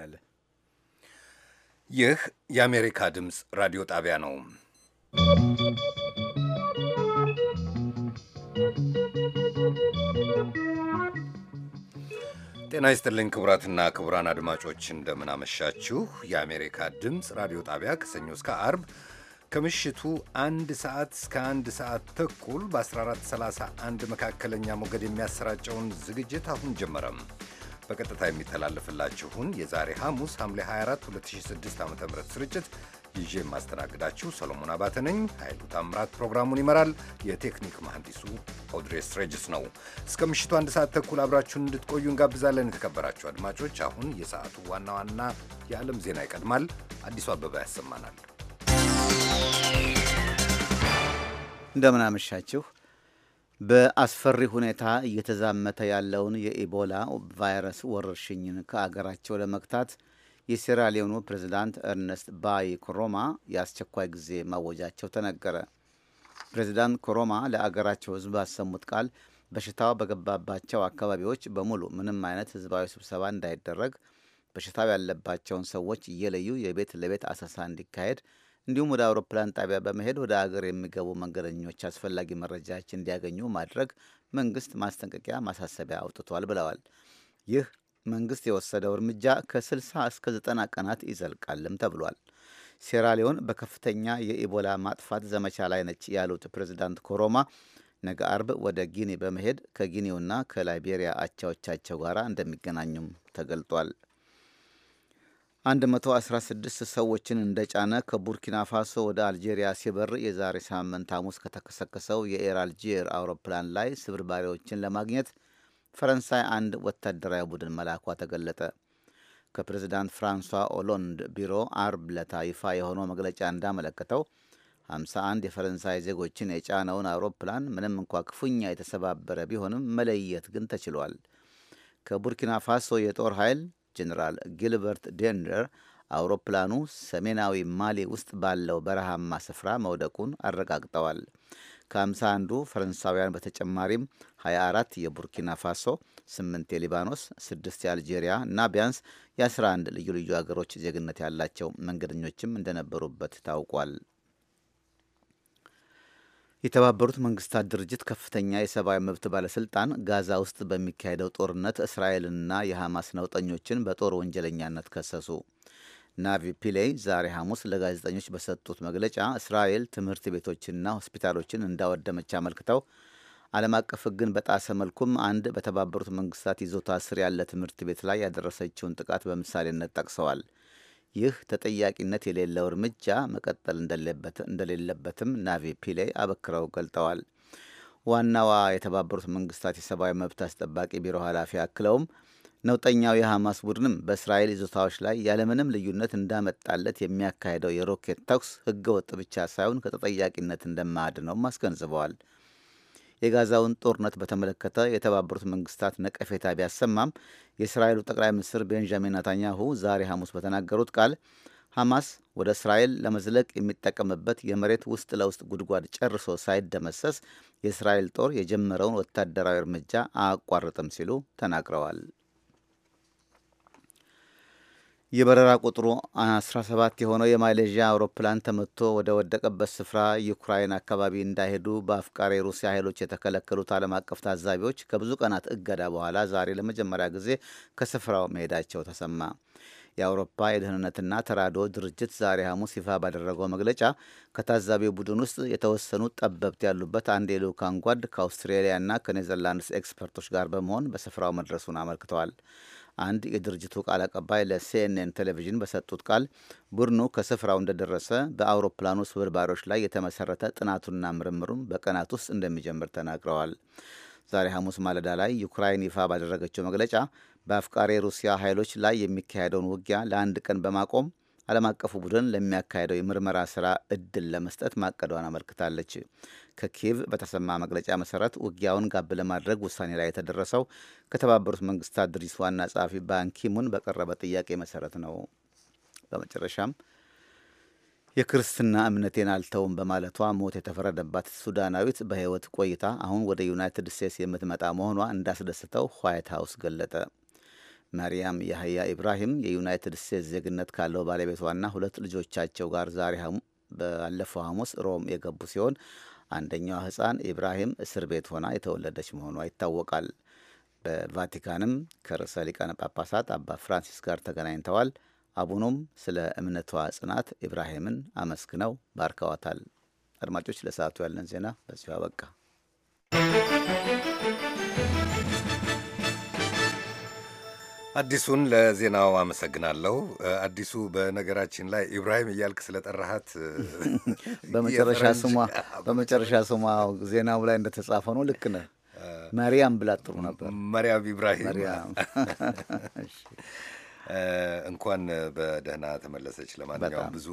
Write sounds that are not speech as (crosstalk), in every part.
ያለ ይህ የአሜሪካ ድምፅ ራዲዮ ጣቢያ ነው። ጤና ይስጥልኝ ክቡራትና ክቡራን አድማጮች እንደምናመሻችሁ። የአሜሪካ ድምፅ ራዲዮ ጣቢያ ከሰኞ እስከ አርብ ከምሽቱ አንድ ሰዓት እስከ አንድ ሰዓት ተኩል በ1431 መካከለኛ ሞገድ የሚያሰራጨውን ዝግጅት አሁን ጀመረም። በቀጥታ የሚተላለፍላችሁን የዛሬ ሐሙስ ሐምሌ 24 2006 ዓ ም ስርጭት ይዤ የማስተናግዳችሁ ሰሎሞን አባተ ነኝ። ኃይሉ ታምራት ፕሮግራሙን ይመራል። የቴክኒክ መሐንዲሱ ኦድሬስ ሬጅስ ነው። እስከ ምሽቱ አንድ ሰዓት ተኩል አብራችሁን እንድትቆዩ እንጋብዛለን። የተከበራችሁ አድማጮች፣ አሁን የሰዓቱ ዋና ዋና የዓለም ዜና ይቀድማል። አዲሱ አበባ ያሰማናል። እንደምን አመሻችሁ። በአስፈሪ ሁኔታ እየተዛመተ ያለውን የኢቦላ ቫይረስ ወረርሽኝን ከአገራቸው ለመግታት የሴራሊዮኑ ፕሬዚዳንት ኤርነስት ባይ ኮሮማ የአስቸኳይ ጊዜ ማወጃቸው ተነገረ። ፕሬዚዳንት ኮሮማ ለአገራቸው ሕዝብ ባሰሙት ቃል በሽታው በገባባቸው አካባቢዎች በሙሉ ምንም አይነት ህዝባዊ ስብሰባ እንዳይደረግ፣ በሽታው ያለባቸውን ሰዎች እየለዩ የቤት ለቤት አሰሳ እንዲካሄድ እንዲሁም ወደ አውሮፕላን ጣቢያ በመሄድ ወደ አገር የሚገቡ መንገደኞች አስፈላጊ መረጃዎች እንዲያገኙ ማድረግ መንግስት ማስጠንቀቂያ ማሳሰቢያ አውጥቷል ብለዋል። ይህ መንግስት የወሰደው እርምጃ ከ60 እስከ 90 ቀናት ይዘልቃልም ተብሏል። ሴራሊዮን በከፍተኛ የኢቦላ ማጥፋት ዘመቻ ላይ ነች ያሉት ፕሬዚዳንት ኮሮማ ነገ አርብ ወደ ጊኒ በመሄድ ከጊኒውና ከላይቤሪያ አቻዎቻቸው ጋር እንደሚገናኙም ተገልጧል። 116 ሰዎችን እንደጫነ ከቡርኪና ፋሶ ወደ አልጄሪያ ሲበር የዛሬ ሳምንት ሐሙስ ከተከሰከሰው የኤር አልጄር አውሮፕላን ላይ ስብርባሪዎችን ለማግኘት ፈረንሳይ አንድ ወታደራዊ ቡድን መላኳ ተገለጠ። ከፕሬዚዳንት ፍራንሷ ኦሎንድ ቢሮ አርብ ለታ ይፋ የሆነው መግለጫ እንዳመለከተው 51 የፈረንሳይ ዜጎችን የጫነውን አውሮፕላን ምንም እንኳ ክፉኛ የተሰባበረ ቢሆንም መለየት ግን ተችሏል። ከቡርኪና ፋሶ የጦር ኃይል ጀኔራል ጊልበርት ዴንደር አውሮፕላኑ ሰሜናዊ ማሊ ውስጥ ባለው በረሃማ ስፍራ መውደቁን አረጋግጠዋል። ከአምሳ አንዱ ፈረንሳውያን በተጨማሪም 24 የቡርኪና ፋሶ፣ 8 የሊባኖስ፣ 6 የአልጄሪያ እና ቢያንስ የ11 ልዩ ልዩ ሀገሮች ዜግነት ያላቸው መንገደኞችም እንደነበሩበት ታውቋል። የተባበሩት መንግስታት ድርጅት ከፍተኛ የሰብአዊ መብት ባለስልጣን ጋዛ ውስጥ በሚካሄደው ጦርነት እስራኤልንና የሐማስ ነውጠኞችን በጦር ወንጀለኛነት ከሰሱ። ናቪ ፒሌይ ዛሬ ሐሙስ ለጋዜጠኞች በሰጡት መግለጫ እስራኤል ትምህርት ቤቶችንና ሆስፒታሎችን እንዳወደመች አመልክተው ዓለም አቀፍ ሕግን በጣሰ መልኩም አንድ በተባበሩት መንግስታት ይዞታ ስር ያለ ትምህርት ቤት ላይ ያደረሰችውን ጥቃት በምሳሌነት ጠቅሰዋል። ይህ ተጠያቂነት የሌለው እርምጃ መቀጠል እንደሌለበትም ናቪ ፒሌ አበክረው ገልጠዋል። ዋናዋ የተባበሩት መንግስታት የሰብአዊ መብት አስጠባቂ ቢሮ ኃላፊ አክለውም ነውጠኛው የሐማስ ቡድንም በእስራኤል ይዞታዎች ላይ ያለምንም ልዩነት እንዳመጣለት የሚያካሄደው የሮኬት ተኩስ ህገወጥ ብቻ ሳይሆን ከተጠያቂነት እንደማያድነውም አስገንዝበዋል። የጋዛውን ጦርነት በተመለከተ የተባበሩት መንግስታት ነቀፌታ ቢያሰማም የእስራኤሉ ጠቅላይ ሚኒስትር ቤንጃሚን ነታንያሁ ዛሬ ሐሙስ በተናገሩት ቃል ሐማስ ወደ እስራኤል ለመዝለቅ የሚጠቀምበት የመሬት ውስጥ ለውስጥ ጉድጓድ ጨርሶ ሳይደመሰስ የእስራኤል ጦር የጀመረውን ወታደራዊ እርምጃ አያቋርጥም ሲሉ ተናግረዋል። የበረራ ቁጥሩ 17 የሆነው የማሌዥያ አውሮፕላን ተመቶ ወደ ወደቀበት ስፍራ ዩክራይን አካባቢ እንዳይሄዱ በአፍቃሪ ሩሲያ ኃይሎች የተከለከሉት ዓለም አቀፍ ታዛቢዎች ከብዙ ቀናት እገዳ በኋላ ዛሬ ለመጀመሪያ ጊዜ ከስፍራው መሄዳቸው ተሰማ። የአውሮፓ የደህንነትና ተራድኦ ድርጅት ዛሬ ሐሙስ ይፋ ባደረገው መግለጫ ከታዛቢው ቡድን ውስጥ የተወሰኑ ጠበብት ያሉበት አንድ የልዑካን ጓድ ከአውስትሬሊያና ከኔዘርላንድስ ኤክስፐርቶች ጋር በመሆን በስፍራው መድረሱን አመልክተዋል። አንድ የድርጅቱ ቃል አቀባይ ለሲኤንኤን ቴሌቪዥን በሰጡት ቃል ቡድኑ ከስፍራው እንደደረሰ በአውሮፕላኑ ስብርባሪዎች ላይ የተመሰረተ ጥናቱና ምርምሩን በቀናት ውስጥ እንደሚጀምር ተናግረዋል። ዛሬ ሐሙስ ማለዳ ላይ ዩክራይን ይፋ ባደረገችው መግለጫ በአፍቃሪ ሩሲያ ኃይሎች ላይ የሚካሄደውን ውጊያ ለአንድ ቀን በማቆም ዓለም አቀፉ ቡድን ለሚያካሄደው የምርመራ ስራ እድል ለመስጠት ማቀዷን አመልክታለች። ከኪየቭ በተሰማ መግለጫ መሰረት ውጊያውን ጋብ ለማድረግ ውሳኔ ላይ የተደረሰው ከተባበሩት መንግስታት ድርጅት ዋና ጸሐፊ ባንኪሙን በቀረበ ጥያቄ መሰረት ነው። በመጨረሻም የክርስትና እምነቴን አልተውም በማለቷ ሞት የተፈረደባት ሱዳናዊት በሕይወት ቆይታ አሁን ወደ ዩናይትድ ስቴትስ የምትመጣ መሆኗ እንዳስደስተው ዋይት ሀውስ ገለጠ። መርያም ያህያ ኢብራሂም የዩናይትድ ስቴትስ ዜግነት ካለው ባለቤቷና ሁለት ልጆቻቸው ጋር ዛሬ ባለፈው ሐሙስ ሮም የገቡ ሲሆን አንደኛዋ ሕፃን ኢብራሂም እስር ቤት ሆና የተወለደች መሆኗ ይታወቃል። በቫቲካንም ከርዕሰ ሊቃነ ጳጳሳት አባ ፍራንሲስ ጋር ተገናኝተዋል። አቡኑም ስለ እምነቷ ጽናት ኢብራሂምን አመስግነው ባርከዋታል። አድማጮች፣ ለሰዓቱ ያለን ዜና በዚሁ አበቃ። አዲሱን ለዜናው አመሰግናለሁ። አዲሱ በነገራችን ላይ ኢብራሂም እያልክ ስለጠራሃት (laughs) በመጨረሻ ስሟ በመጨረሻ ስሟ ዜናው ላይ እንደተጻፈ ነው። ልክ ነህ። መሪያም ብላ ጥሩ ነበር። መሪያም ኢብራሂም (laughs) እንኳን በደህና ተመለሰች። ለማንኛውም ብዙ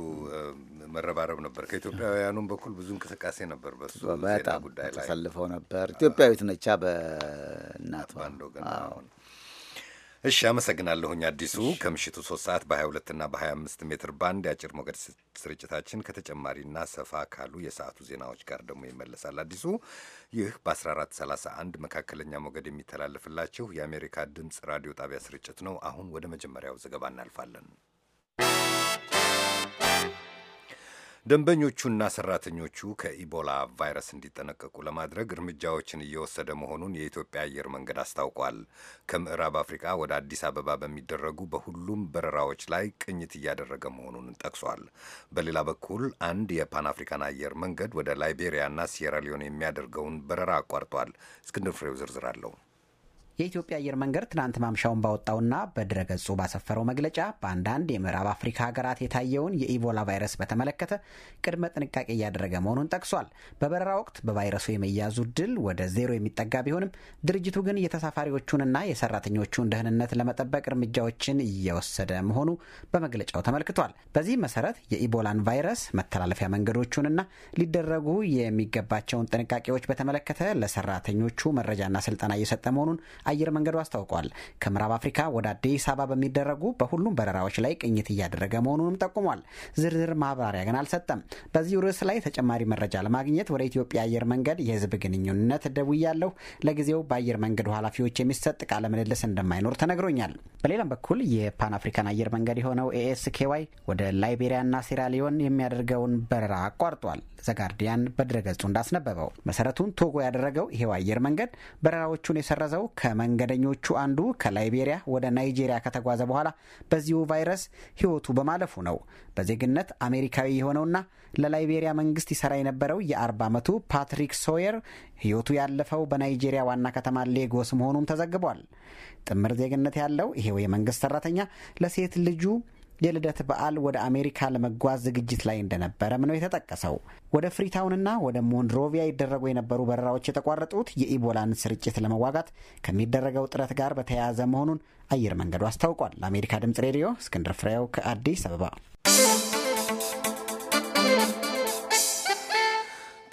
መረባረብ ነበር። ከኢትዮጵያውያኑም በኩል ብዙ እንቅስቃሴ ነበር። በሱ ጉዳይ ላይ ተሰልፈው ነበር። ኢትዮጵያዊት ነቻ በእናቷ እሺ አመሰግናለሁኝ አዲሱ። ከምሽቱ ሶስት ሰዓት በ22 እና በ25 ሜትር ባንድ የአጭር ሞገድ ስርጭታችን ከተጨማሪና ሰፋ ካሉ የሰዓቱ ዜናዎች ጋር ደግሞ ይመለሳል። አዲሱ፣ ይህ በ1431 መካከለኛ ሞገድ የሚተላለፍላችሁ የአሜሪካ ድምፅ ራዲዮ ጣቢያ ስርጭት ነው። አሁን ወደ መጀመሪያው ዘገባ እናልፋለን። ደንበኞቹና ሰራተኞቹ ከኢቦላ ቫይረስ እንዲጠነቀቁ ለማድረግ እርምጃዎችን እየወሰደ መሆኑን የኢትዮጵያ አየር መንገድ አስታውቋል። ከምዕራብ አፍሪካ ወደ አዲስ አበባ በሚደረጉ በሁሉም በረራዎች ላይ ቅኝት እያደረገ መሆኑን ጠቅሷል። በሌላ በኩል አንድ የፓን አፍሪካን አየር መንገድ ወደ ላይቤሪያና ሲየራሊዮን የሚያደርገውን በረራ አቋርጧል። እስክንድር ፍሬው ዝርዝር አለው። የኢትዮጵያ አየር መንገድ ትናንት ማምሻውን ባወጣውና በድረገጹ ባሰፈረው መግለጫ በአንዳንድ የምዕራብ አፍሪካ ሀገራት የታየውን የኢቦላ ቫይረስ በተመለከተ ቅድመ ጥንቃቄ እያደረገ መሆኑን ጠቅሷል። በበረራ ወቅት በቫይረሱ የመያዙ ድል ወደ ዜሮ የሚጠጋ ቢሆንም ድርጅቱ ግን የተሳፋሪዎቹንና የሰራተኞቹን ደህንነት ለመጠበቅ እርምጃዎችን እየወሰደ መሆኑ በመግለጫው ተመልክቷል። በዚህ መሰረት የኢቦላን ቫይረስ መተላለፊያ መንገዶቹንና ሊደረጉ የሚገባቸውን ጥንቃቄዎች በተመለከተ ለሰራተኞቹ መረጃና ስልጠና እየሰጠ መሆኑን አየር መንገዱ አስታውቋል። ከምዕራብ አፍሪካ ወደ አዲስ አበባ በሚደረጉ በሁሉም በረራዎች ላይ ቅኝት እያደረገ መሆኑንም ጠቁሟል። ዝርዝር ማብራሪያ ግን አልሰጠም። በዚሁ ርዕስ ላይ ተጨማሪ መረጃ ለማግኘት ወደ ኢትዮጵያ አየር መንገድ የህዝብ ግንኙነት ደውያለሁ። ለጊዜው በአየር መንገዱ ኃላፊዎች የሚሰጥ ቃለ ምልልስ እንደማይኖር ተነግሮኛል። በሌላም በኩል የፓን አፍሪካን አየር መንገድ የሆነው ኤኤስኬዋይ ወደ ላይቤሪያና ሴራሊዮን የሚያደርገውን በረራ አቋርጧል። ዘጋርዲያን በድረገጹ እንዳስነበበው መሰረቱን ቶጎ ያደረገው ይሄው አየር መንገድ በረራዎቹን የሰረዘው ከ ከመንገደኞቹ አንዱ ከላይቤሪያ ወደ ናይጄሪያ ከተጓዘ በኋላ በዚሁ ቫይረስ ሕይወቱ በማለፉ ነው። በዜግነት አሜሪካዊ የሆነውና ለላይቤሪያ መንግስት ይሰራ የነበረው የ40 ዓመቱ ፓትሪክ ሶየር ሕይወቱ ያለፈው በናይጄሪያ ዋና ከተማ ሌጎስ መሆኑም ተዘግቧል። ጥምር ዜግነት ያለው ይሄው የመንግስት ሰራተኛ ለሴት ልጁ የልደት በዓል ወደ አሜሪካ ለመጓዝ ዝግጅት ላይ እንደነበረም ነው የተጠቀሰው። ወደ ፍሪታውንና ወደ ሞንሮቪያ ይደረጉ የነበሩ በረራዎች የተቋረጡት የኢቦላን ስርጭት ለመዋጋት ከሚደረገው ጥረት ጋር በተያያዘ መሆኑን አየር መንገዱ አስታውቋል። ለአሜሪካ ድምጽ ሬዲዮ እስክንድር ፍሬው ከአዲስ አበባ።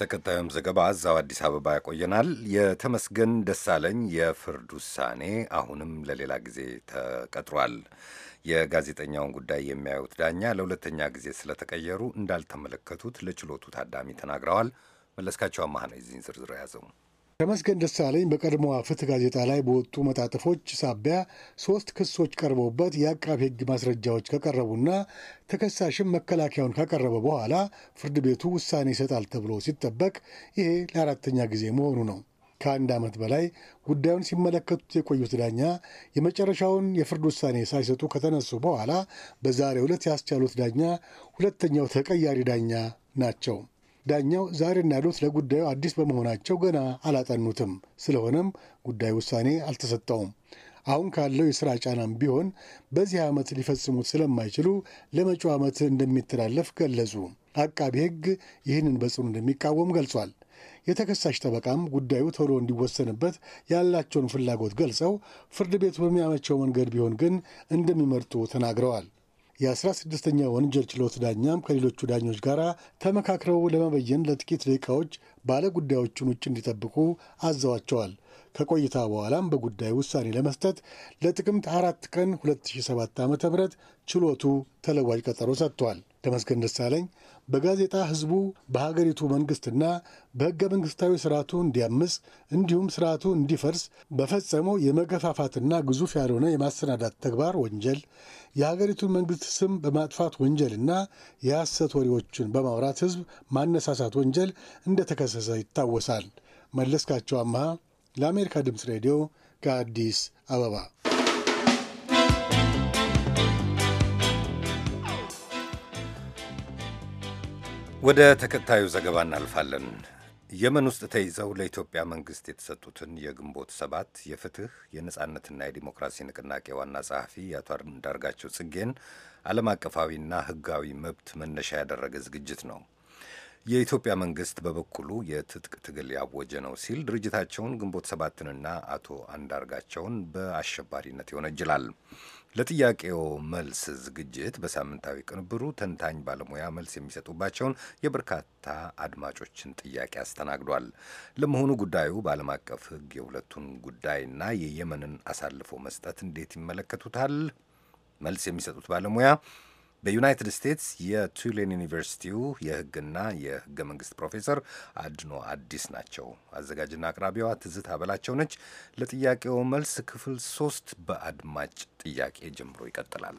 ተከታዩም ዘገባ እዛው አዲስ አበባ ያቆየናል። የተመስገን ደሳለኝ የፍርድ ውሳኔ አሁንም ለሌላ ጊዜ ተቀጥሯል። የጋዜጠኛውን ጉዳይ የሚያዩት ዳኛ ለሁለተኛ ጊዜ ስለተቀየሩ እንዳልተመለከቱት ለችሎቱ ታዳሚ ተናግረዋል። መለስካቸው አማህ ነው የዚህን ዝርዝር የያዘው። ተመስገን ደሳለኝ በቀድሞዋ ፍትህ ጋዜጣ ላይ በወጡ መጣጥፎች ሳቢያ ሶስት ክሶች ቀርበውበት የአቃቢ ሕግ ማስረጃዎች ከቀረቡና ተከሳሽም መከላከያውን ካቀረበ በኋላ ፍርድ ቤቱ ውሳኔ ይሰጣል ተብሎ ሲጠበቅ ይሄ ለአራተኛ ጊዜ መሆኑ ነው። ከአንድ ዓመት በላይ ጉዳዩን ሲመለከቱት የቆዩት ዳኛ የመጨረሻውን የፍርድ ውሳኔ ሳይሰጡ ከተነሱ በኋላ በዛሬ ዕለት ያስቻሉት ዳኛ ሁለተኛው ተቀያሪ ዳኛ ናቸው። ዳኛው ዛሬ እንዳሉት ለጉዳዩ አዲስ በመሆናቸው ገና አላጠኑትም። ስለሆነም ጉዳዩ ውሳኔ አልተሰጠውም። አሁን ካለው የሥራ ጫናም ቢሆን በዚህ ዓመት ሊፈጽሙት ስለማይችሉ ለመጪው ዓመት እንደሚተላለፍ ገለጹ። አቃቢ ሕግ ይህንን በጽኑ እንደሚቃወም ገልጿል። የተከሳሽ ጠበቃም ጉዳዩ ቶሎ እንዲወሰንበት ያላቸውን ፍላጎት ገልጸው ፍርድ ቤቱ በሚያመቸው መንገድ ቢሆን ግን እንደሚመርጡ ተናግረዋል። የአስራ ስድስተኛ ወንጀል ችሎት ዳኛም ከሌሎቹ ዳኞች ጋር ተመካክረው ለመበየን ለጥቂት ደቂቃዎች ባለ ጉዳዮቹን ውጭ እንዲጠብቁ አዘዋቸዋል። ከቆይታ በኋላም በጉዳዩ ውሳኔ ለመስጠት ለጥቅምት አራት ቀን 2007 ዓ ም ችሎቱ ተለዋጭ ቀጠሮ ሰጥቷል። ተመስገን ደሳለኝ በጋዜጣ ህዝቡ በሀገሪቱ መንግስትና በህገ መንግስታዊ ስርዓቱ እንዲያምስ እንዲሁም ስርዓቱ እንዲፈርስ በፈጸመው የመገፋፋትና ግዙፍ ያልሆነ የማሰናዳት ተግባር ወንጀል የሀገሪቱን መንግስት ስም በማጥፋት ወንጀልና የሐሰት ወሬዎችን በማውራት ህዝብ ማነሳሳት ወንጀል እንደተከሰሰ ይታወሳል። መለስካቸው አምሃ ለአሜሪካ ድምፅ ሬዲዮ ከአዲስ አበባ ወደ ተከታዩ ዘገባ እናልፋለን። የመን ውስጥ ተይዘው ለኢትዮጵያ መንግሥት የተሰጡትን የግንቦት ሰባት የፍትህ የነጻነትና የዲሞክራሲ ንቅናቄ ዋና ጸሐፊ የአቶ አንዳርጋቸው ጽጌን ዓለም አቀፋዊና ህጋዊ መብት መነሻ ያደረገ ዝግጅት ነው። የኢትዮጵያ መንግሥት በበኩሉ የትጥቅ ትግል ያወጀ ነው ሲል ድርጅታቸውን ግንቦት ሰባትንና አቶ አንዳርጋቸውን በአሸባሪነት ይወነጅላል። ለጥያቄው መልስ ዝግጅት በሳምንታዊ ቅንብሩ ተንታኝ ባለሙያ መልስ የሚሰጡባቸውን የበርካታ አድማጮችን ጥያቄ አስተናግዷል። ለመሆኑ ጉዳዩ በዓለም አቀፍ ሕግ የሁለቱን ጉዳይና የየመንን አሳልፎ መስጠት እንዴት ይመለከቱታል? መልስ የሚሰጡት ባለሙያ በዩናይትድ ስቴትስ የቱሌን ዩኒቨርሲቲው የህግና የህገ መንግስት ፕሮፌሰር አድኖ አዲስ ናቸው። አዘጋጅና አቅራቢዋ ትዝታ አበላቸው ነች። ለጥያቄው መልስ ክፍል ሶስት በአድማጭ ጥያቄ ጀምሮ ይቀጥላል።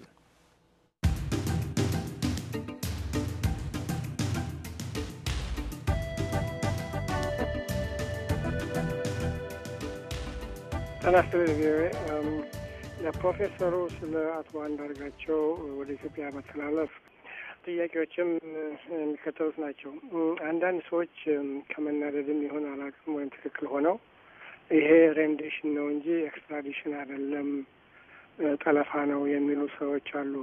ጤና ይስጥልኝ። ለፕሮፌሰሩ ስለ አቶ አንዳርጋቸው ወደ ኢትዮጵያ መተላለፍ ጥያቄዎችም የሚከተሉት ናቸው። አንዳንድ ሰዎች ከመናደድም ይሁን አላውቅም ወይም ትክክል ሆነው ይሄ ሬንዴሽን ነው እንጂ ኤክስትራዲሽን አይደለም፣ ጠለፋ ነው የሚሉ ሰዎች አሉ።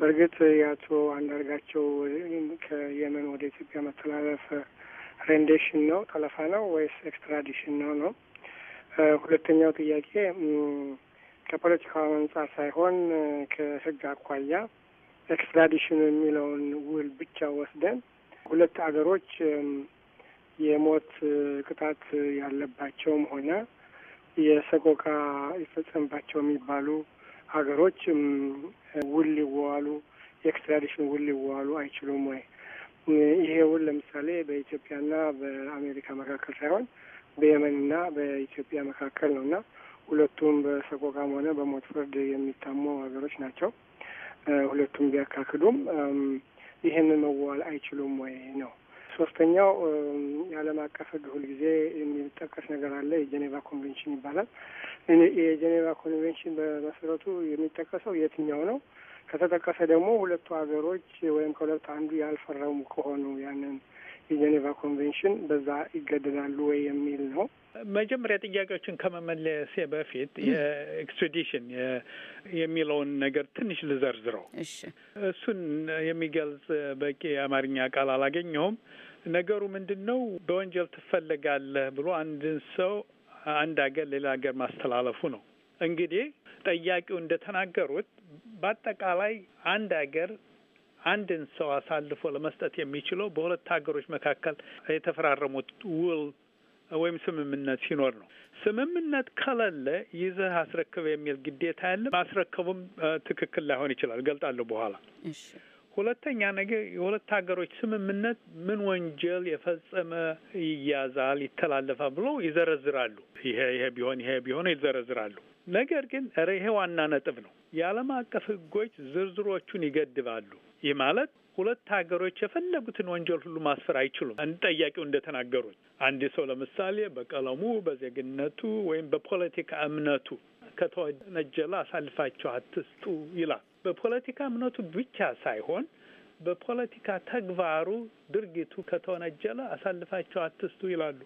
በእርግጥ የአቶ አንዳርጋቸው ከየመን ወደ ኢትዮጵያ መተላለፍ ሬንዴሽን ነው ጠለፋ ነው ወይስ ኤክስትራዲሽን ነው ነው? ሁለተኛው ጥያቄ ከፖለቲካው አንጻር ሳይሆን ከህግ አኳያ ኤክስትራዲሽን የሚለውን ውል ብቻ ወስደን ሁለት አገሮች የሞት ቅጣት ያለባቸውም ሆነ የሰቆቃ ይፈጸምባቸው የሚባሉ ሀገሮች ውል ሊዋዋሉ የኤክስትራዲሽን ውል ሊዋዋሉ አይችሉም ወይ? ይሄ ውል ለምሳሌ በኢትዮጵያና በአሜሪካ መካከል ሳይሆን በየመንና በኢትዮጵያ መካከል ነው እና ሁለቱም በሰቆቃም ሆነ በሞት ፍርድ የሚታሙ ሀገሮች ናቸው። ሁለቱም ቢያካክዱም ይህንን መዋል አይችሉም ወይ ነው። ሶስተኛው የዓለም አቀፍ ሕግ ሁልጊዜ የሚጠቀስ ነገር አለ። የጀኔቫ ኮንቬንሽን ይባላል። የጀኔቫ ኮንቬንሽን በመሰረቱ የሚጠቀሰው የትኛው ነው? ከተጠቀሰ ደግሞ ሁለቱ ሀገሮች ወይም ከሁለቱ አንዱ ያልፈረሙ ከሆኑ ያንን የጀኔቫ ኮንቬንሽን በዛ ይገደዳሉ ወይ የሚል ነው። መጀመሪያ ጥያቄዎችን ከመመለሴ በፊት የኤክስትራዲሽን የሚለውን ነገር ትንሽ ልዘርዝረው። እሱን የሚገልጽ በቂ የአማርኛ ቃል አላገኘሁም። ነገሩ ምንድን ነው? በወንጀል ትፈለጋለህ ብሎ አንድን ሰው አንድ ሀገር ሌላ ሀገር ማስተላለፉ ነው። እንግዲህ ጠያቂው እንደተናገሩት በአጠቃላይ አንድ ሀገር አንድን ሰው አሳልፎ ለመስጠት የሚችለው በሁለት ሀገሮች መካከል የተፈራረሙት ውል ወይም ስምምነት ሲኖር ነው። ስምምነት ከሌለ ይዘህ አስረክብ የሚል ግዴታ ያለ ማስረከቡም ትክክል ላይሆን ይችላል። ገልጣለሁ በኋላ። ሁለተኛ ነገር የሁለት ሀገሮች ስምምነት ምን ወንጀል የፈጸመ ይያዛል፣ ይተላለፋል ብሎ ይዘረዝራሉ። ይሄ ይሄ ቢሆን ይሄ ቢሆን ይዘረዝራሉ። ነገር ግን ኧረ ይሄ ዋና ነጥብ ነው። የዓለም አቀፍ ሕጎች ዝርዝሮቹን ይገድባሉ። ይህ ማለት ሁለት ሀገሮች የፈለጉትን ወንጀል ሁሉ ማስፈር አይችሉም። አንድ ጠያቂው እንደተናገሩት አንድ ሰው ለምሳሌ በቀለሙ፣ በዜግነቱ ወይም በፖለቲካ እምነቱ ከተወነጀለ አሳልፋቸው አትስጡ ይላል። በፖለቲካ እምነቱ ብቻ ሳይሆን በፖለቲካ ተግባሩ ድርጊቱ ከተወነጀለ አሳልፋቸው አትስጡ ይላሉ።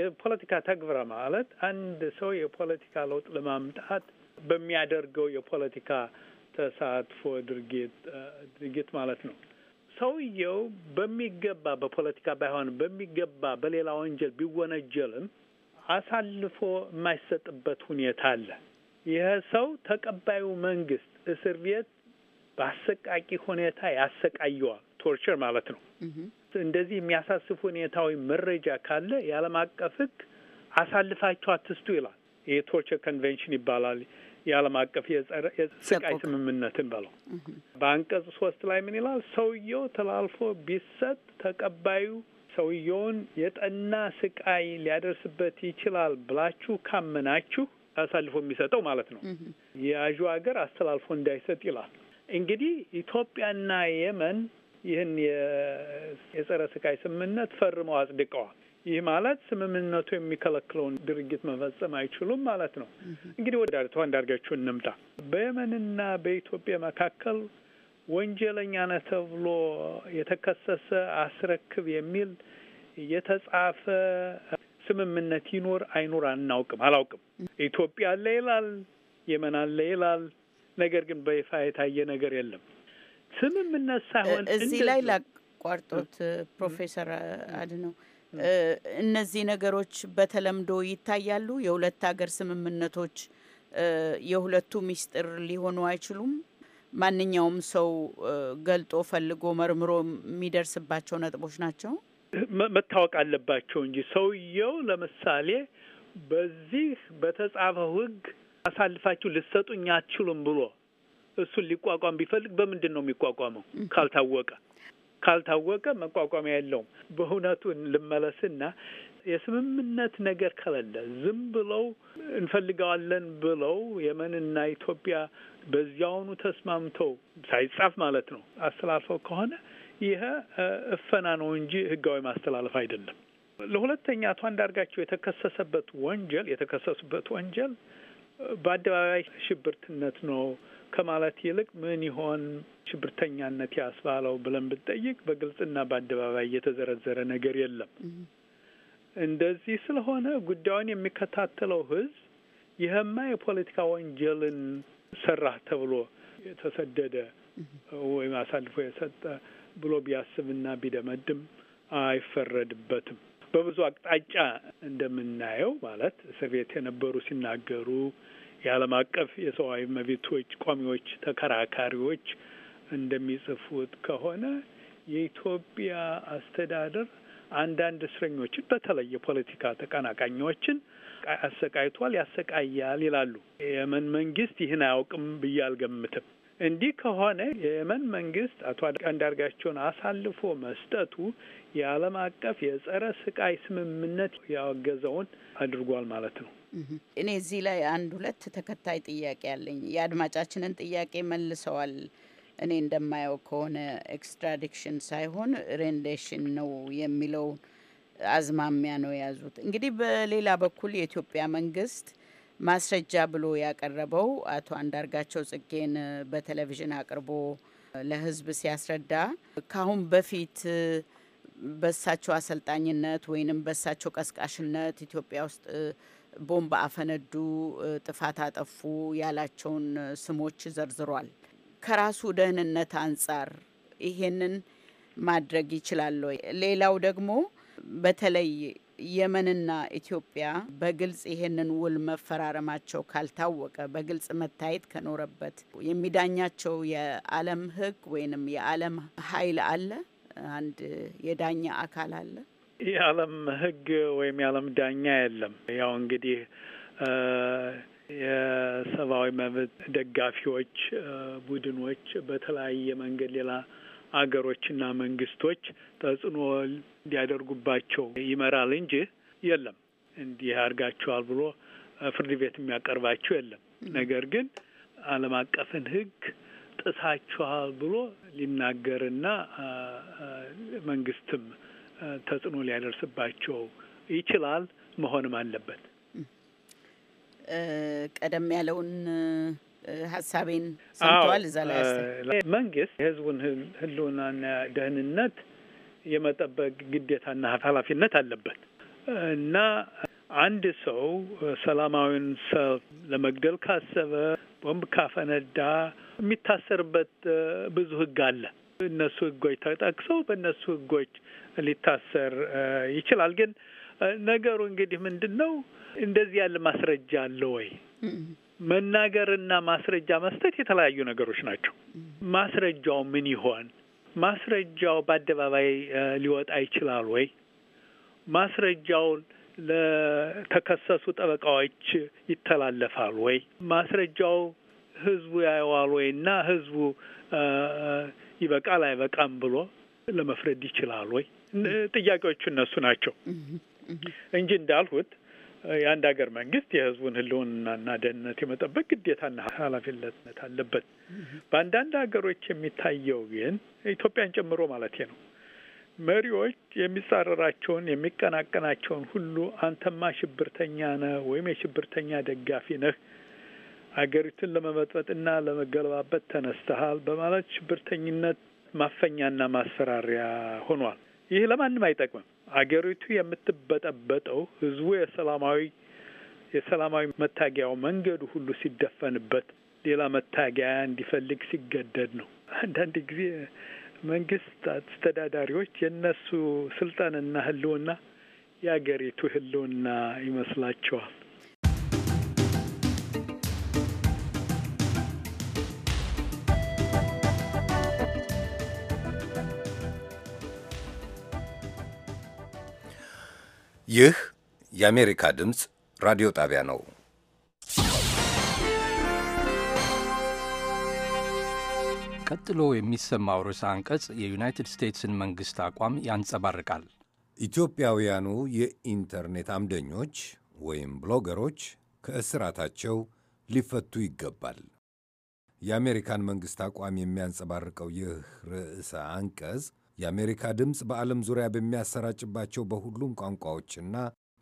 የፖለቲካ ተግብረ ማለት አንድ ሰው የፖለቲካ ለውጥ ለማምጣት በሚያደርገው የፖለቲካ ተሳትፎ ድርጊት ድርጊት ማለት ነው። ሰውየው በሚገባ በፖለቲካ ባይሆን በሚገባ በሌላ ወንጀል ቢወነጀልም አሳልፎ የማይሰጥበት ሁኔታ አለ። ይህ ሰው ተቀባዩ መንግስት እስር ቤት በአሰቃቂ ሁኔታ ያሰቃየዋል። ቶርቸር ማለት ነው። እንደዚህ የሚያሳስብ ሁኔታዊ መረጃ ካለ የዓለም አቀፍ ህግ አሳልፋችሁ አትስጡ ይላል። ይህ ቶርቸር ኮንቬንሽን ይባላል። የዓለም አቀፍ የጸረ ስቃይ ስምምነትን በለው በአንቀጽ ሶስት ላይ ምን ይላል? ሰውየው ተላልፎ ቢሰጥ ተቀባዩ ሰውየውን የጠና ስቃይ ሊያደርስበት ይችላል ብላችሁ ካመናችሁ አሳልፎ የሚሰጠው ማለት ነው። የያዡ ሀገር አስተላልፎ እንዳይሰጥ ይላል። እንግዲህ ኢትዮጵያና የመን ይህን የጸረ ስቃይ ስምምነት ፈርመው አጽድቀዋል። ይህ ማለት ስምምነቱ የሚከለክለውን ድርጊት መፈጸም አይችሉም ማለት ነው። እንግዲህ ወደ ዳርቷ እንዳርጋችሁ እንምጣ። በየመንና በኢትዮጵያ መካከል ወንጀለኛ ነህ ተብሎ የተከሰሰ አስረክብ የሚል የተጻፈ ስምምነት ይኖር አይኖር አናውቅም፣ አላውቅም። ኢትዮጵያ አለ ይላል፣ የመን አለ ይላል። ነገር ግን በይፋ የታየ ነገር የለም። ስምምነት ሳይሆን እዚህ ላይ ላቋርጦት ፕሮፌሰር አድነው እነዚህ ነገሮች በተለምዶ ይታያሉ። የሁለት ሀገር ስምምነቶች የሁለቱ ሚስጥር ሊሆኑ አይችሉም። ማንኛውም ሰው ገልጦ ፈልጎ መርምሮ የሚደርስባቸው ነጥቦች ናቸው። መታወቅ አለባቸው እንጂ ሰውየው ለምሳሌ በዚህ በተጻፈው ሕግ አሳልፋችሁ ልትሰጡኝ አትችሉም ብሎ እሱን ሊቋቋም ቢፈልግ በምንድን ነው የሚቋቋመው ካልታወቀ? ካልታወቀ መቋቋሚያ የለውም። በእውነቱን ልመለስና የስምምነት ነገር ከሌለ ዝም ብለው እንፈልገዋለን ብለው የመንና ኢትዮጵያ በዚያውኑ ተስማምተው ሳይጻፍ ማለት ነው አስተላልፈው ከሆነ ይህ እፈና ነው እንጂ ህጋዊ ማስተላለፍ አይደለም። ለሁለተኛ አቶ አንዳርጋቸው የተከሰሰበት ወንጀል የተከሰሱበት ወንጀል በአደባባይ ሽብርትነት ነው ከማለት ይልቅ ምን ይሆን ሽብርተኛነት ያስባለው ብለን ብንጠይቅ በግልጽና በአደባባይ የተዘረዘረ ነገር የለም። እንደዚህ ስለሆነ ጉዳዩን የሚከታተለው ህዝብ ይህማ የፖለቲካ ወንጀልን ሰራህ ተብሎ የተሰደደ ወይም አሳልፎ የሰጠ ብሎ ቢያስብና ቢደመድም አይፈረድበትም። በብዙ አቅጣጫ እንደምናየው ማለት እስር ቤት የነበሩ ሲናገሩ የዓለም አቀፍ የሰብአዊ መብቶች ቋሚዎች ተከራካሪዎች እንደሚጽፉት ከሆነ የኢትዮጵያ አስተዳደር አንዳንድ እስረኞችን በተለይ የፖለቲካ ተቀናቃኞችን አሰቃይቷል፣ ያሰቃያል ይላሉ። የየመን መንግስት ይህን አያውቅም ብዬ አልገምትም። እንዲህ ከሆነ የየመን መንግስት አቶ አንዳርጋቸውን አሳልፎ መስጠቱ የዓለም አቀፍ የጸረ ስቃይ ስምምነት ያወገዘውን አድርጓል ማለት ነው። እኔ እዚህ ላይ አንድ ሁለት ተከታይ ጥያቄ አለኝ። የአድማጫችንን ጥያቄ መልሰዋል። እኔ እንደማየው ከሆነ ኤክስትራዲክሽን ሳይሆን ሬንዴሽን ነው የሚለው አዝማሚያ ነው የያዙት። እንግዲህ በሌላ በኩል የኢትዮጵያ መንግስት ማስረጃ ብሎ ያቀረበው አቶ አንዳርጋቸው ጽጌን በቴሌቪዥን አቅርቦ ለህዝብ ሲያስረዳ ካሁን በፊት በሳቸው አሰልጣኝነት ወይንም በሳቸው ቀስቃሽነት ኢትዮጵያ ውስጥ ቦምብ አፈነዱ፣ ጥፋት አጠፉ ያላቸውን ስሞች ዘርዝሯል። ከራሱ ደህንነት አንጻር ይሄንን ማድረግ ይችላል ወይ? ሌላው ደግሞ በተለይ የመንና ኢትዮጵያ በግልጽ ይሄንን ውል መፈራረማቸው ካልታወቀ በግልጽ መታየት ከኖረበት የሚዳኛቸው የዓለም ሕግ ወይንም የዓለም ኃይል አለ፣ አንድ የዳኛ አካል አለ። የዓለም ሕግ ወይም የዓለም ዳኛ የለም። ያው እንግዲህ የሰብአዊ መብት ደጋፊዎች ቡድኖች በተለያየ መንገድ ሌላ አገሮችና መንግስቶች ተጽዕኖ እንዲያደርጉባቸው ይመራል እንጂ የለም እንዲህ አድርጋችኋል ብሎ ፍርድ ቤት የሚያቀርባቸው የለም። ነገር ግን ዓለም አቀፍን ሕግ ጥሳችኋል ብሎ ሊናገርና መንግስትም ተጽዕኖ ሊያደርስባቸው ይችላል፣ መሆንም አለበት። ቀደም ያለውን ሀሳቤን ሰምተዋል። እዛ ላይ መንግስት የህዝቡን ህልውናና ደህንነት የመጠበቅ ግዴታና ኃላፊነት አለበት እና አንድ ሰው ሰላማዊውን ሰልፍ ለመግደል ካሰበ፣ ቦምብ ካፈነዳ የሚታሰርበት ብዙ ህግ አለ። እነሱ ህጎች ተጠቅሰው በእነሱ ህጎች ሊታሰር ይችላል። ግን ነገሩ እንግዲህ ምንድን ነው? እንደዚህ ያለ ማስረጃ አለ ወይ? መናገርና ማስረጃ መስጠት የተለያዩ ነገሮች ናቸው። ማስረጃው ምን ይሆን? ማስረጃው በአደባባይ ሊወጣ ይችላል ወይ? ማስረጃውን ለተከሰሱ ጠበቃዎች ይተላለፋል ወይ? ማስረጃው ህዝቡ ያየዋል ወይ? እና ህዝቡ ይበቃል አይበቃም ብሎ ለመፍረድ ይችላል ወይ? ጥያቄዎቹ እነሱ ናቸው እንጂ እንዳልሁት የአንድ ሀገር መንግስት የህዝቡን ህልውናና ደህንነት የመጠበቅ ግዴታና ኃላፊነት አለበት። በአንዳንድ ሀገሮች የሚታየው ግን ኢትዮጵያን ጨምሮ ማለት ነው መሪዎች የሚጻረራቸውን የሚቀናቀናቸውን ሁሉ አንተማ ሽብርተኛ ነህ ወይም የሽብርተኛ ደጋፊ ነህ፣ አገሪቱን ለመበጥበጥና ለመገለባበት ተነስተሃል በማለት ሽብርተኝነት ማፈኛና ማስፈራሪያ ሆኗል። ይህ ለማንም አይጠቅምም። አገሪቱ የምትበጠበጠው ህዝቡ የሰላማዊ የሰላማዊ መታገያው መንገዱ ሁሉ ሲደፈንበት ሌላ መታገያ እንዲፈልግ ሲገደድ ነው። አንዳንድ ጊዜ መንግስት አስተዳዳሪዎች የእነሱ ስልጣንና ህልውና የአገሪቱ ህልውና ይመስላቸዋል። ይህ የአሜሪካ ድምፅ ራዲዮ ጣቢያ ነው። ቀጥሎ የሚሰማው ርዕሰ አንቀጽ የዩናይትድ ስቴትስን መንግሥት አቋም ያንጸባርቃል። ኢትዮጵያውያኑ የኢንተርኔት አምደኞች ወይም ብሎገሮች ከእስራታቸው ሊፈቱ ይገባል። የአሜሪካን መንግሥት አቋም የሚያንጸባርቀው ይህ ርዕሰ አንቀጽ የአሜሪካ ድምፅ በዓለም ዙሪያ በሚያሰራጭባቸው በሁሉም ቋንቋዎችና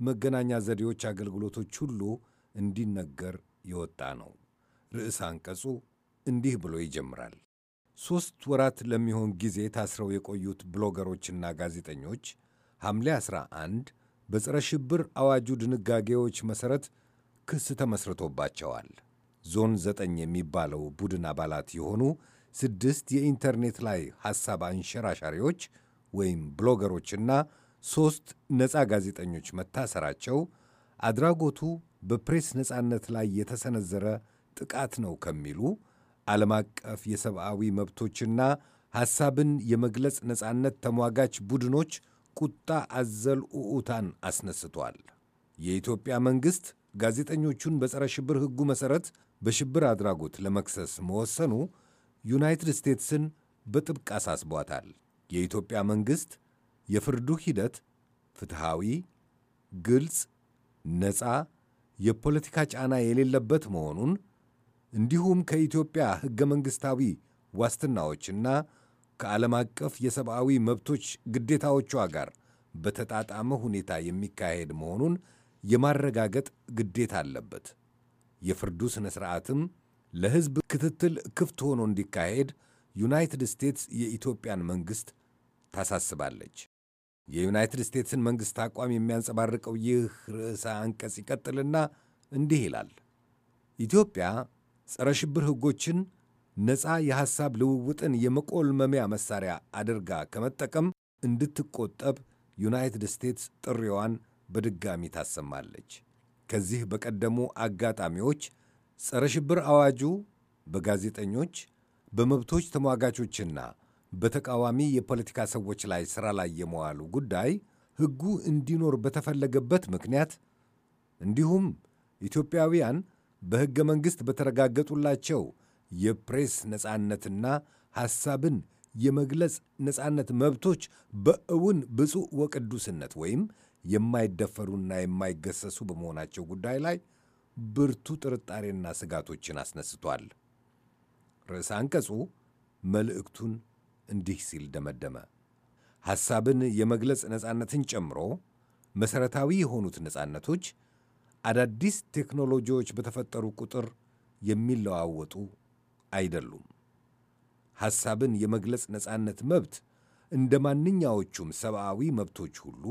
መገናኛ ዘዴዎች አገልግሎቶች ሁሉ እንዲነገር የወጣ ነው። ርዕስ አንቀጹ እንዲህ ብሎ ይጀምራል። ሦስት ወራት ለሚሆን ጊዜ ታስረው የቆዩት ብሎገሮችና ጋዜጠኞች ሐምሌ 11 በጸረ ሽብር አዋጁ ድንጋጌዎች መሠረት ክስ ተመስርቶባቸዋል። ዞን ዘጠኝ የሚባለው ቡድን አባላት የሆኑ ስድስት የኢንተርኔት ላይ ሐሳብ አንሸራሻሪዎች ወይም ብሎገሮችና ሦስት ነፃ ጋዜጠኞች መታሰራቸው አድራጎቱ በፕሬስ ነፃነት ላይ የተሰነዘረ ጥቃት ነው ከሚሉ ዓለም አቀፍ የሰብአዊ መብቶችና ሐሳብን የመግለጽ ነፃነት ተሟጋች ቡድኖች ቁጣ አዘል ኡኡታን አስነስቷል። የኢትዮጵያ መንግሥት ጋዜጠኞቹን በጸረ ሽብር ሕጉ መሠረት በሽብር አድራጎት ለመክሰስ መወሰኑ ዩናይትድ ስቴትስን በጥብቅ አሳስቧታል። የኢትዮጵያ መንግሥት የፍርዱ ሂደት ፍትሐዊ፣ ግልጽ፣ ነፃ፣ የፖለቲካ ጫና የሌለበት መሆኑን እንዲሁም ከኢትዮጵያ ሕገ መንግሥታዊ ዋስትናዎችና ከዓለም አቀፍ የሰብአዊ መብቶች ግዴታዎቿ ጋር በተጣጣመ ሁኔታ የሚካሄድ መሆኑን የማረጋገጥ ግዴታ አለበት። የፍርዱ ሥነ ሥርዓትም ለሕዝብ ክትትል ክፍት ሆኖ እንዲካሄድ ዩናይትድ ስቴትስ የኢትዮጵያን መንግሥት ታሳስባለች። የዩናይትድ ስቴትስን መንግሥት አቋም የሚያንጸባርቀው ይህ ርዕሰ አንቀጽ ይቀጥልና እንዲህ ይላል። ኢትዮጵያ ጸረ ሽብር ሕጎችን ነፃ የሐሳብ ልውውጥን የመቆልመሚያ መሣሪያ አድርጋ ከመጠቀም እንድትቆጠብ ዩናይትድ ስቴትስ ጥሪዋን በድጋሚ ታሰማለች። ከዚህ በቀደሙ አጋጣሚዎች ጸረ ሽብር አዋጁ በጋዜጠኞች በመብቶች ተሟጋቾችና በተቃዋሚ የፖለቲካ ሰዎች ላይ ሥራ ላይ የመዋሉ ጉዳይ ሕጉ እንዲኖር በተፈለገበት ምክንያት እንዲሁም ኢትዮጵያውያን በሕገ መንግሥት በተረጋገጡላቸው የፕሬስ ነጻነትና ሐሳብን የመግለጽ ነጻነት መብቶች በእውን ብፁዕ ወቅዱስነት ወይም የማይደፈሩና የማይገሰሱ በመሆናቸው ጉዳይ ላይ ብርቱ ጥርጣሬና ስጋቶችን አስነስቷል። ርዕሰ አንቀጹ መልእክቱን እንዲህ ሲል ደመደመ። ሐሳብን የመግለጽ ነፃነትን ጨምሮ መሠረታዊ የሆኑት ነፃነቶች አዳዲስ ቴክኖሎጂዎች በተፈጠሩ ቁጥር የሚለዋወጡ አይደሉም። ሐሳብን የመግለጽ ነፃነት መብት እንደ ማንኛዎቹም ሰብአዊ መብቶች ሁሉ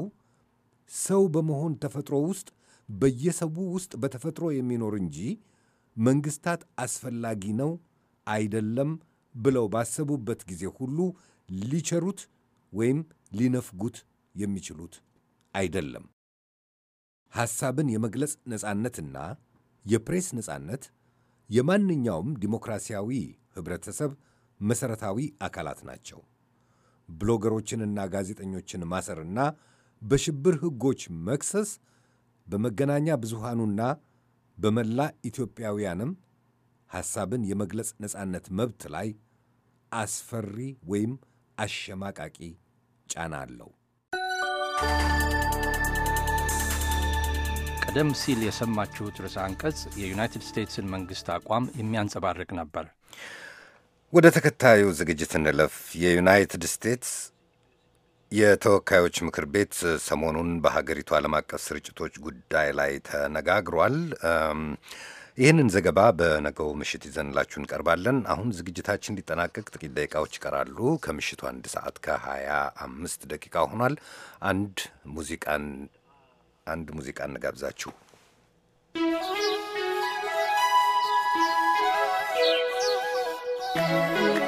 ሰው በመሆን ተፈጥሮ ውስጥ በየሰቡ ውስጥ በተፈጥሮ የሚኖር እንጂ መንግስታት አስፈላጊ ነው አይደለም ብለው ባሰቡበት ጊዜ ሁሉ ሊቸሩት ወይም ሊነፍጉት የሚችሉት አይደለም። ሐሳብን የመግለጽ ነጻነትና የፕሬስ ነጻነት የማንኛውም ዲሞክራሲያዊ ህብረተሰብ መሠረታዊ አካላት ናቸው። ብሎገሮችንና ጋዜጠኞችን ማሰርና በሽብር ሕጎች መክሰስ በመገናኛ ብዙሃኑና በመላ ኢትዮጵያውያንም ሐሳብን የመግለጽ ነጻነት መብት ላይ አስፈሪ ወይም አሸማቃቂ ጫና አለው። ቀደም ሲል የሰማችሁት ርዕሰ አንቀጽ የዩናይትድ ስቴትስን መንግሥት አቋም የሚያንጸባርቅ ነበር። ወደ ተከታዩ ዝግጅት እንለፍ። የዩናይትድ ስቴትስ የተወካዮች ምክር ቤት ሰሞኑን በሀገሪቱ ዓለም አቀፍ ስርጭቶች ጉዳይ ላይ ተነጋግሯል። ይህንን ዘገባ በነገው ምሽት ይዘንላችሁ እንቀርባለን። አሁን ዝግጅታችን እንዲጠናቀቅ ጥቂት ደቂቃዎች ይቀራሉ። ከምሽቱ አንድ ሰዓት ከሀያ አምስት ደቂቃ ሆኗል። አንድ ሙዚቃን አንድ ሙዚቃ እንጋብዛችሁ። Thank you.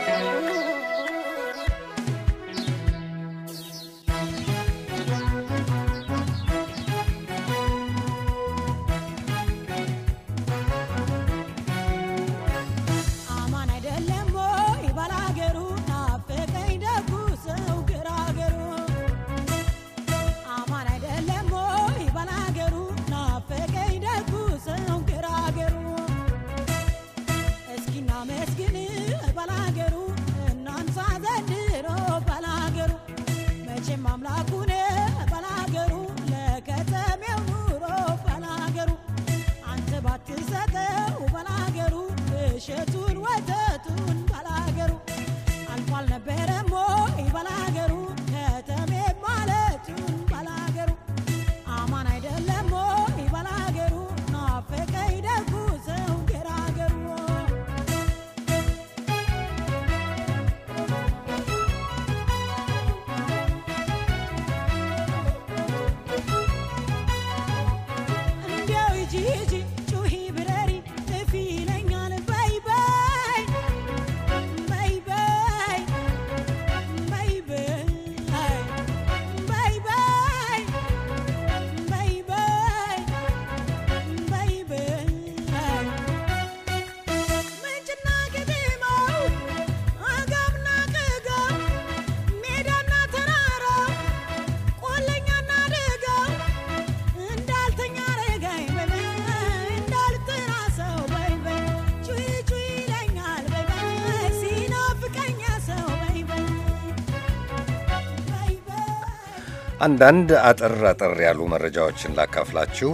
አንዳንድ አጠር አጠር ያሉ መረጃዎችን ላካፍላችሁ።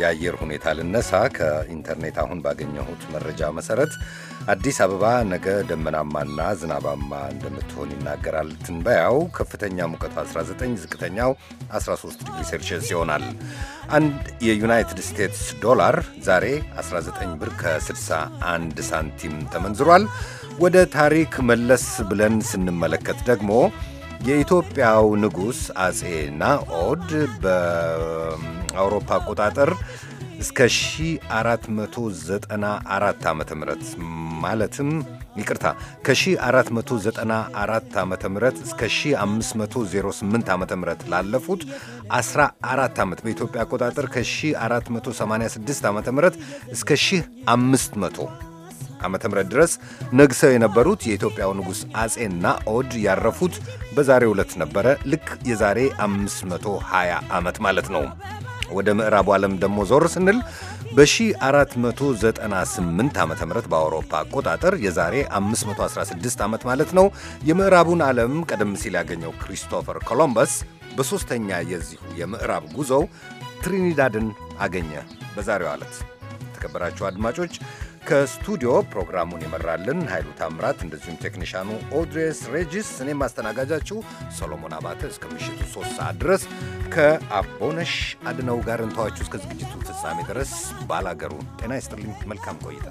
የአየር ሁኔታ ልነሳ። ከኢንተርኔት አሁን ባገኘሁት መረጃ መሰረት አዲስ አበባ ነገ ደመናማና ዝናባማ እንደምትሆን ይናገራል ትንበያው። ከፍተኛ ሙቀቱ 19፣ ዝቅተኛው 13 ዲግሪ ሴልሺየስ ይሆናል። አንድ የዩናይትድ ስቴትስ ዶላር ዛሬ 19 ብር ከ61 ሳንቲም ተመንዝሯል። ወደ ታሪክ መለስ ብለን ስንመለከት ደግሞ የኢትዮጵያው ንጉሥ አጼ ናኦድ በአውሮፓ አቆጣጠር እስከ 1494 ዓ ም ማለትም ይቅርታ ከ1494 ዓ ም እስከ 1508 ዓ ም ላለፉት 14 ዓመት በኢትዮጵያ አቆጣጠር ከ1486 ዓ ም እስከ 1500 ም ድረስ ነግሰው የነበሩት የኢትዮጵያው ንጉሥ አጼ ናኦድ ያረፉት በዛሬው ዕለት ነበረ። ልክ የዛሬ 520 ዓመት ማለት ነው። ወደ ምዕራቡ ዓለም ደግሞ ዞር ስንል በ1498 ዓ ም በአውሮፓ አቆጣጠር የዛሬ 516 ዓመት ማለት ነው። የምዕራቡን ዓለም ቀደም ሲል ያገኘው ክሪስቶፈር ኮሎምበስ በሦስተኛ የዚሁ የምዕራብ ጉዞው ትሪኒዳድን አገኘ። በዛሬው ዕለት የተከበራችሁ አድማጮች ከስቱዲዮ ፕሮግራሙን ይመራልን ኃይሉ ታምራት፣ እንደዚሁም ቴክኒሻኑ ኦድሬስ ሬጂስ፣ እኔም ማስተናጋጃችሁ ሰሎሞን አባተ እስከ ምሽቱ ሶስት ሰዓት ድረስ ከአቦነሽ አድነው ጋር እንተዋችሁ እስከ ዝግጅቱ ፍጻሜ ድረስ ባላገሩ ጤና ይስጥልኝ። መልካም ቆይታ